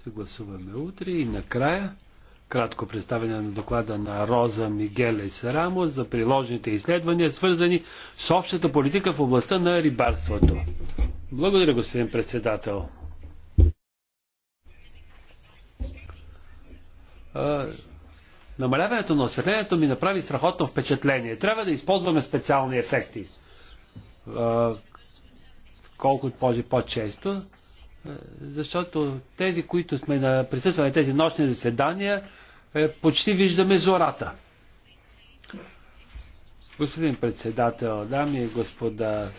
ще гласуваме утре и накрая кратко представяне на доклада на Роза Мигеле Сарамо за приложните изследвания, свързани с общата политика в областта на рибарството. Благодаря, господин председател. намаляването на осветлението ми направи страхотно впечатление. Трябва да използваме специални ефекти. колкото може по-често, защото тези, които сме на присъствали тези нощни заседания, е, почти виждаме зората. Господин председател, дами и господа,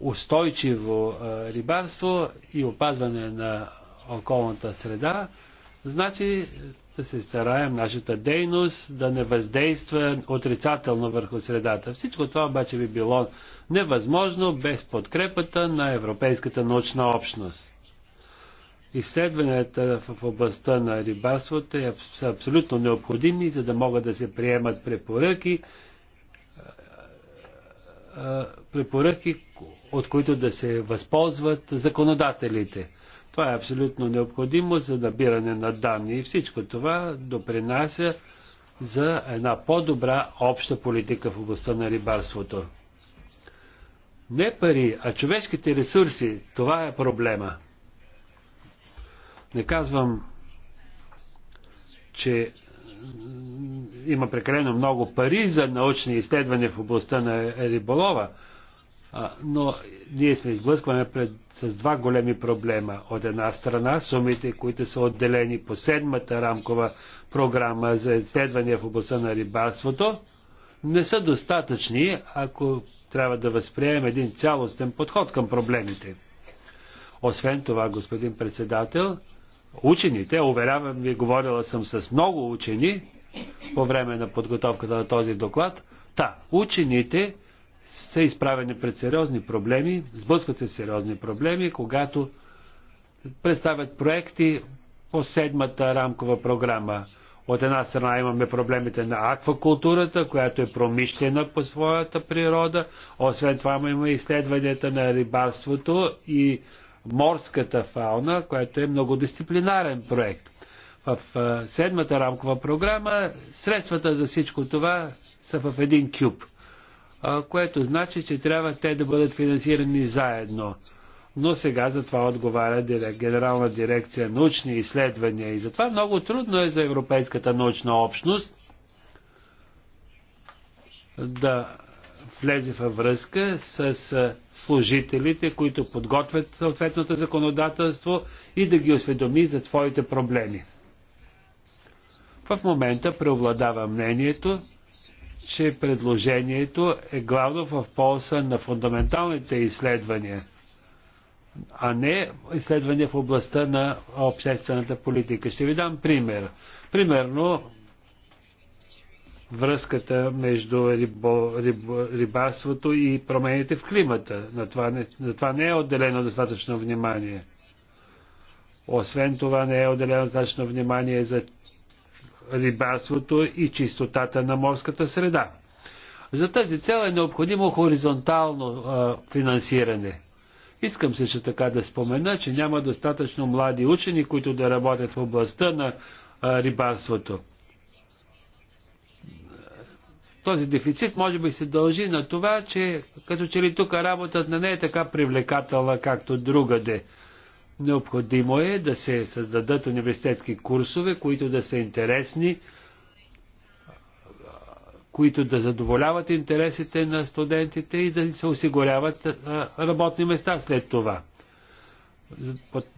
устойчиво е, рибарство и опазване на околната среда Значи да се стараем нашата дейност да не въздейства отрицателно върху средата. Всичко това обаче би било невъзможно без подкрепата на Европейската научна общност. Изследванията в областта на рибарството е са абсолютно необходими, за да могат да се приемат препоръки, препоръки, от които да се възползват законодателите. Това е абсолютно необходимо за набиране на данни и всичко това допринася за една по-добра обща политика в областта на рибарството. Не пари, а човешките ресурси, това е проблема. Не казвам, че има прекалено много пари за научни изследвания в областта на риболова, но ние сме изблъскваме пред, с два големи проблема. От една страна сумите, които са отделени по седмата рамкова програма за изследвания в областта на рибарството, не са достатъчни, ако трябва да възприемем един цялостен подход към проблемите. Освен това, господин председател, учените, уверявам ви, говорила съм с много учени по време на подготовката на този доклад, та, учените са изправени пред сериозни проблеми, сблъскват се сериозни проблеми, когато представят проекти по седмата рамкова програма. От една страна имаме проблемите на аквакултурата, която е промишлена по своята природа. Освен това имаме изследванията на рибарството и морската фауна, която е многодисциплинарен проект. В седмата рамкова програма средствата за всичко това са в един кюб – което значи, че трябва те да бъдат финансирани заедно. Но сега за това отговаря Генерална дирекция научни изследвания и затова много трудно е за Европейската научна общност да влезе във връзка с служителите, които подготвят съответното законодателство и да ги осведоми за своите проблеми. В момента преобладава мнението, че предложението е главно в полза на фундаменталните изследвания, а не изследвания в областта на обществената политика. Ще ви дам пример. Примерно, връзката между рибо, рибо, рибарството и промените в климата. На това, не, на това не е отделено достатъчно внимание. Освен това не е отделено достатъчно внимание за рибарството и чистотата на морската среда. За тази цел е необходимо хоризонтално а, финансиране. Искам също така да спомена, че няма достатъчно млади учени, които да работят в областта на а, рибарството. Този дефицит може би се дължи на това, че като че ли тук работата не е така привлекателна, както другаде. Необходимо е да се създадат университетски курсове, които да са интересни, които да задоволяват интересите на студентите и да се осигуряват работни места след това.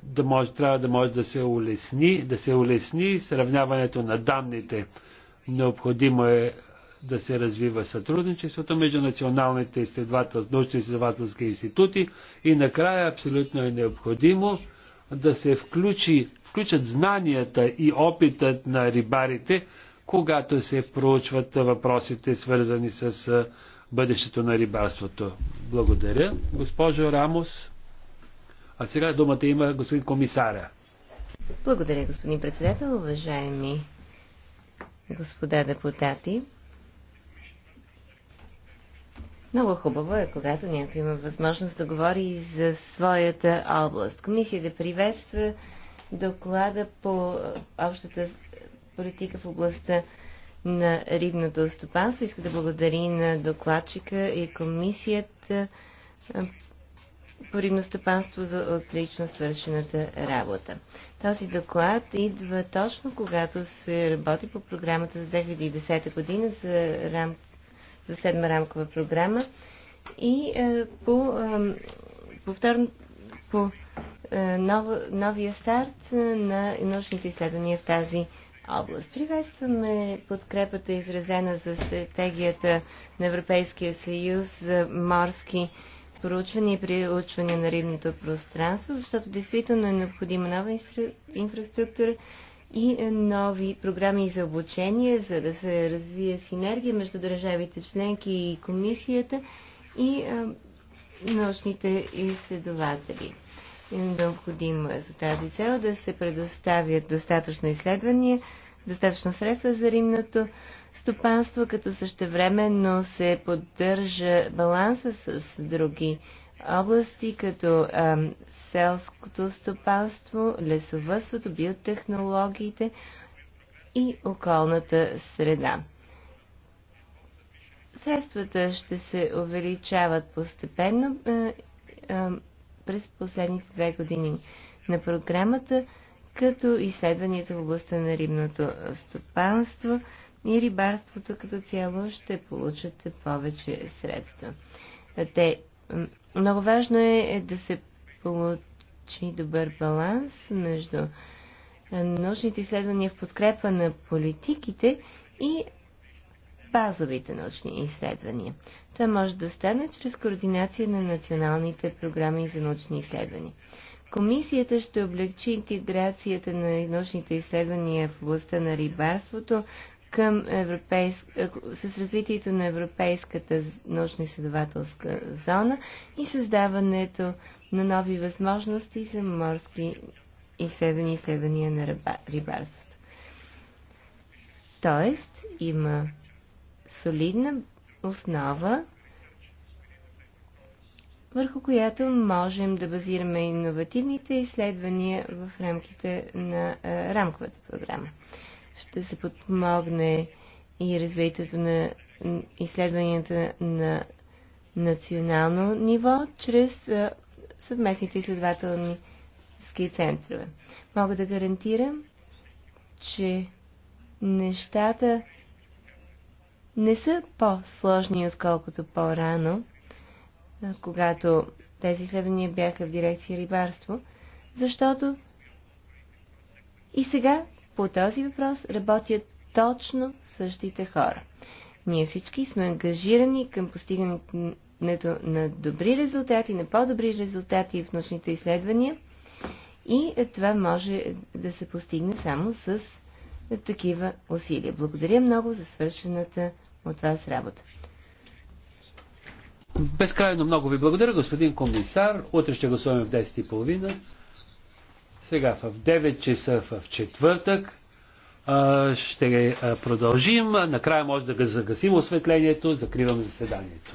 Да може, трябва да може да се улесни, да се улесни сравняването на данните. Необходимо е да се развива сътрудничеството между националните изследователски, изследователски институти и накрая абсолютно е необходимо да се включи, включат знанията и опитът на рибарите, когато се проучват въпросите свързани с бъдещето на рибарството. Благодаря, госпожо Рамос. А сега думата има господин комисаря. Благодаря, господин председател, уважаеми господа депутати. Много хубаво е, когато някой има възможност да говори и за своята област. Комисията да приветства доклада по общата политика в областта на рибното стопанство. Иска да благодари на докладчика и комисията по рибно стопанство за отлично свършената работа. Този доклад идва точно когато се работи по програмата за 2010 година за рам за седма рамкова програма и е, по, е, повторно, по е, нов, новия старт на научните изследвания в тази област. Приветстваме подкрепата изразена за стратегията на Европейския съюз за морски проучвания и приучвания на рибното пространство, защото действително е необходима нова инфраструктура и нови програми за обучение, за да се развие синергия между държавите членки и комисията и научните изследователи. Необходимо е за тази цел да се предоставят достатъчно изследвания, достатъчно средства за римното стопанство, като същевременно се поддържа баланса с други области, като а, селското стопанство, лесовътството, биотехнологиите и околната среда. Средствата ще се увеличават постепенно а, а, през последните две години на програмата, като изследванията в областта на рибното стопанство и рибарството като цяло ще получат повече средства. Те много важно е, е да се получи добър баланс между научните изследвания в подкрепа на политиките и базовите научни изследвания. Това може да стане чрез координация на националните програми за научни изследвания. Комисията ще облегчи интеграцията на научните изследвания в областта на рибарството към европейск... Е, с развитието на Европейската научно-изследователска зона и създаването на нови възможности за морски изследвания и изследвания на рибарството. Тоест, има солидна основа, върху която можем да базираме иновативните изследвания в рамките на е, рамковата програма ще се подпомогне и развитието на изследванията на национално ниво чрез съвместните изследователни ски центрове. Мога да гарантирам, че нещата не са по-сложни, отколкото по-рано, когато тези изследвания бяха в дирекция рибарство, защото и сега по този въпрос работят точно същите хора. Ние всички сме ангажирани към постигането на добри резултати, на по-добри резултати в научните изследвания и това може да се постигне само с такива усилия. Благодаря много за свършената от вас работа. Безкрайно много ви благодаря, господин комисар. Утре ще гласуваме в 10.30. Сега в 9 часа в четвъртък ще продължим. Накрая може да загасим осветлението. Закривам заседанието.